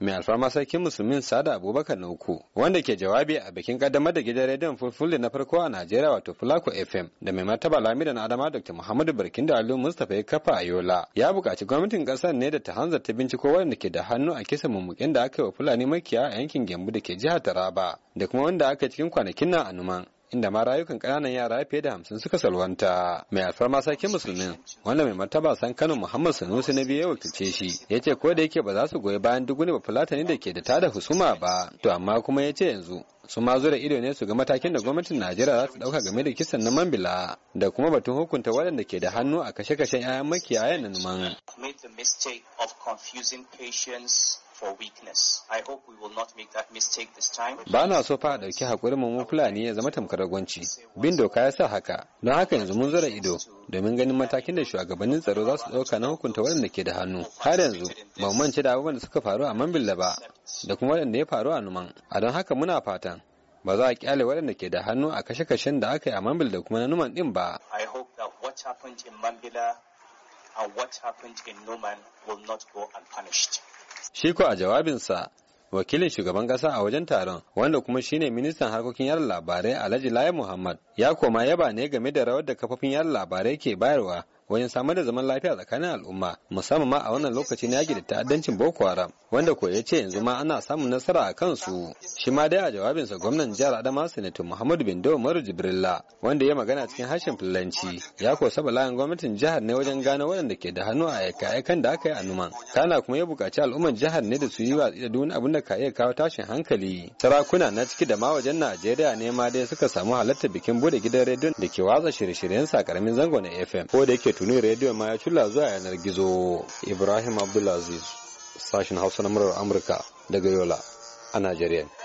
mai alfarma sarkin musulmin sada abubakar na uku wanda ke jawabi a bikin kaddamar da gidan rediyon fulfulde na farko a najeriya wato fulako fm da mai martaba lamida na adama dr muhammadu barkin da alu mustapha ya kafa a yola ya buƙaci gwamnatin ƙasar ne da ta hanzar ta binciko waɗanda ke da hannu a kisan mummukin da aka yi wa fulani makiya a yankin gembu da ke jihar taraba da kuma wanda aka cikin kwanakin nan a numan inda ma rayukan ƙananan yara fiye da hamsin suka salwanta mai alfarma sarkin musulmin wanda mai martaba san kano muhammad sanusi na biyu ya wakilce shi ya ce ko da yake ba za su goyi bayan duk wani Fulatani da ke da tada husuma ba to amma kuma ya ce yanzu su ma zura ido ne su ga matakin da gwamnatin najeriya za su dauka game da kisan na bila. da kuma batun hukunta waɗanda ke da hannu a kashe-kashen 'ya'yan makiyayan na man. for weakness. I hope we will not make that mistake this time. Ba na so fa a ɗauki haƙurin mu Fulani ya zama tamkar gwanci. Bin doka ya sa haka. Don haka yanzu mun zura ido domin ganin matakin da shugabannin tsaro za su ɗauka na hukunta waɗanda ke da hannu. Har yanzu ba mu mance da abubuwan da suka faru a Mambilla ba da kuma waɗanda ya faru a Numan. A don haka muna fatan ba za a kyale waɗanda ke da hannu a kashe-kashen da aka yi a Mambila da kuma na Numan ɗin ba. I hope that what happened in Mambilla and what happened in Numan will not go unpunished. Shi ko a jawabinsa wakilin shugaban kasa a wajen taron wanda kuma shine ministan harkokin Yaran labarai Alhaji Lai Muhammad ya koma yaba ne game da rawar da kafofin yaran labarai ke bayarwa wajen samar da zaman lafiya tsakanin al'umma musamman ma a wannan lokaci na yaki da ta'addancin boko haram wanda ko ya ce yanzu ma ana samun nasara a kansu shi ma dai a jawabinsa gwamnan jihar adama sanatu muhammadu bin dawo maru jibrilla wanda ya magana cikin harshen fulanci ya ko saba layin gwamnatin jihar ne wajen gano waɗanda ke da hannu a aikayakan aikan da aka yi a numan kana kuma ya buƙaci al'umman jihar ne da su yi watsi da duni abin da ka iya kawo tashin hankali sarakuna na ciki da ma wajen najeriya ne ma dai suka samu halartar bikin bude gidan rediyon da ke watsa shirye-shiryen sa karamin zango na fm ko da yake tuni rediyo ma ya cula zuwa yanar gizo ibrahim abdulaziz sashen hausa na murar amurka daga yola a najeriya